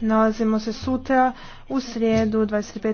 Nalazimo se sutra u srijedu 25.